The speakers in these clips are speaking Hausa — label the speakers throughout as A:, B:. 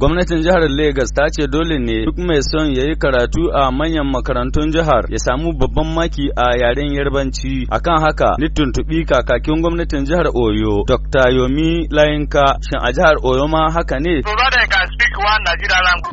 A: Gwamnatin jihar Legas ta ce dole ne duk mai son ya yi karatu a manyan makarantun jihar ya samu babban maki a yaren yarbanci. Akan haka, ni tuntuɓi kakakin gwamnatin jihar Oyo, Dr. Yomi Layinka, shin a jihar Oyo ma haka ne?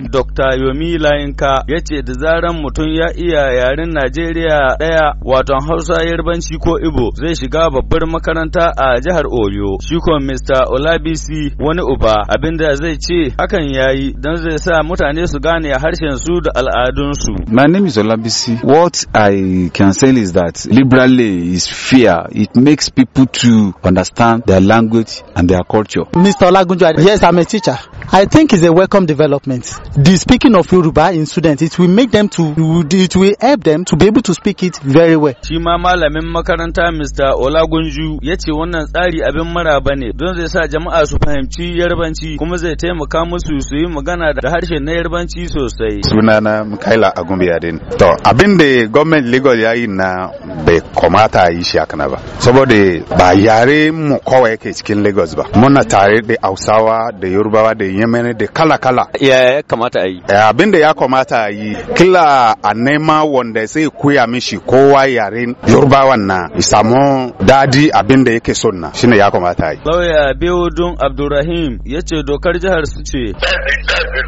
A: Dr. Yomi Layinka ya ce da zaran mutum ya iya yaren Najeriya ɗaya waton Hausa yarbanci ko Ibo zai shiga babbar makaranta a jihar Oyo. Shi ko Mr. Olabisi wani uba abinda zai ce hakan yayi don zai sa mutane su gane harshen su da al'adunsu.
B: My name is Olabisi. What I can say is that liberally is fear. It makes people to understand their language and their culture. Mr. Olagunjo, yes, I'm a teacher. I think it's a welcome development. The speaking of Yoruba in students, it will make them to, it will help them to be able to speak it very well.
A: Shi ma malamin makaranta Mr. Olagunju ya ce wannan tsari abin maraba ne don zai sa jama'a su fahimci yarbanci kuma zai taimaka musu su yi magana da harshen na yarbanci sosai.
B: Sunana Mikaila Agumbiyadin. To abin da gwamnati Lagos ya yi na bai kamata a yi shi haka ba. Saboda ba yare mu kawai yake cikin Lagos ba. Muna tare da Hausawa da Yorubawa da yamani da kala-kala.
A: Ya kamata a yi.
B: Eh, abin da ya kamata a yi, kila a nema wanda zai koya mishi kowa yaren Yorubawan na samu dadi abin da yake son na shine ya kamata a yi.
A: Lauya Beodun Abdulrahim ya ce dokar jihar su ce.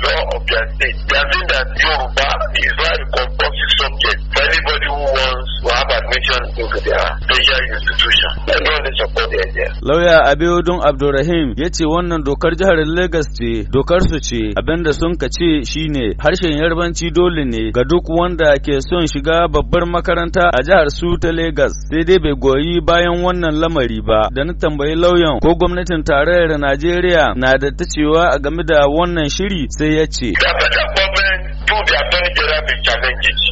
A: Yoruba is not a compulsory subject for anybody who wants to have admission into the judicial institution everyone is there lauya abiodun abdurrahim ya ce wannan dokar jihar lagos ce dokar su ce abinda sun ka ce shine harshen yarbanci dole ne ga duk wanda ke son shiga babbar makaranta a jihar su ta lagos sai dai bai goyi bayan wannan lamari ba da na tambayi lauyan ko gwamnatin tarayyar najeriya na da ta cewa a game da wannan shiri sai ya ce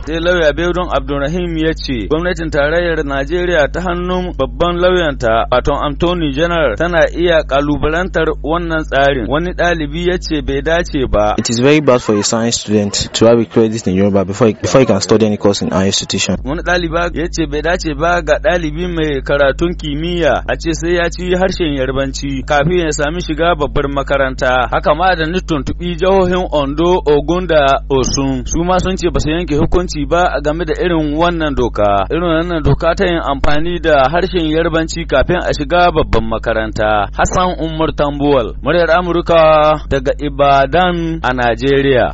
A: Sai lauya Beudon Abdulrahim ya ce gwamnatin tarayyar Najeriya ta hannun babban lauyanta Aton Anthony General tana iya kalubalantar wannan tsarin. Wani ɗalibi ya ce bai dace ba. It is very bad for a science student to have a credit in Yoruba before, before he can study any course in our institution. Wani ɗaliba ya ce bai dace ba ga ɗalibi mai karatun kimiyya a ce sai ya ci harshen yarbanci kafin ya sami shiga babbar makaranta. Haka ma da ni tuntuɓi jihohin Ondo, Ogun da Osun su ma sun ce ba su yanke hukunci ba game da irin wannan doka. Irin wannan doka ta yin amfani da harshen yarbanci kafin a shiga babban makaranta. Hassan Umar Tambuwal, muryar Amurka daga Ibadan a Najeriya.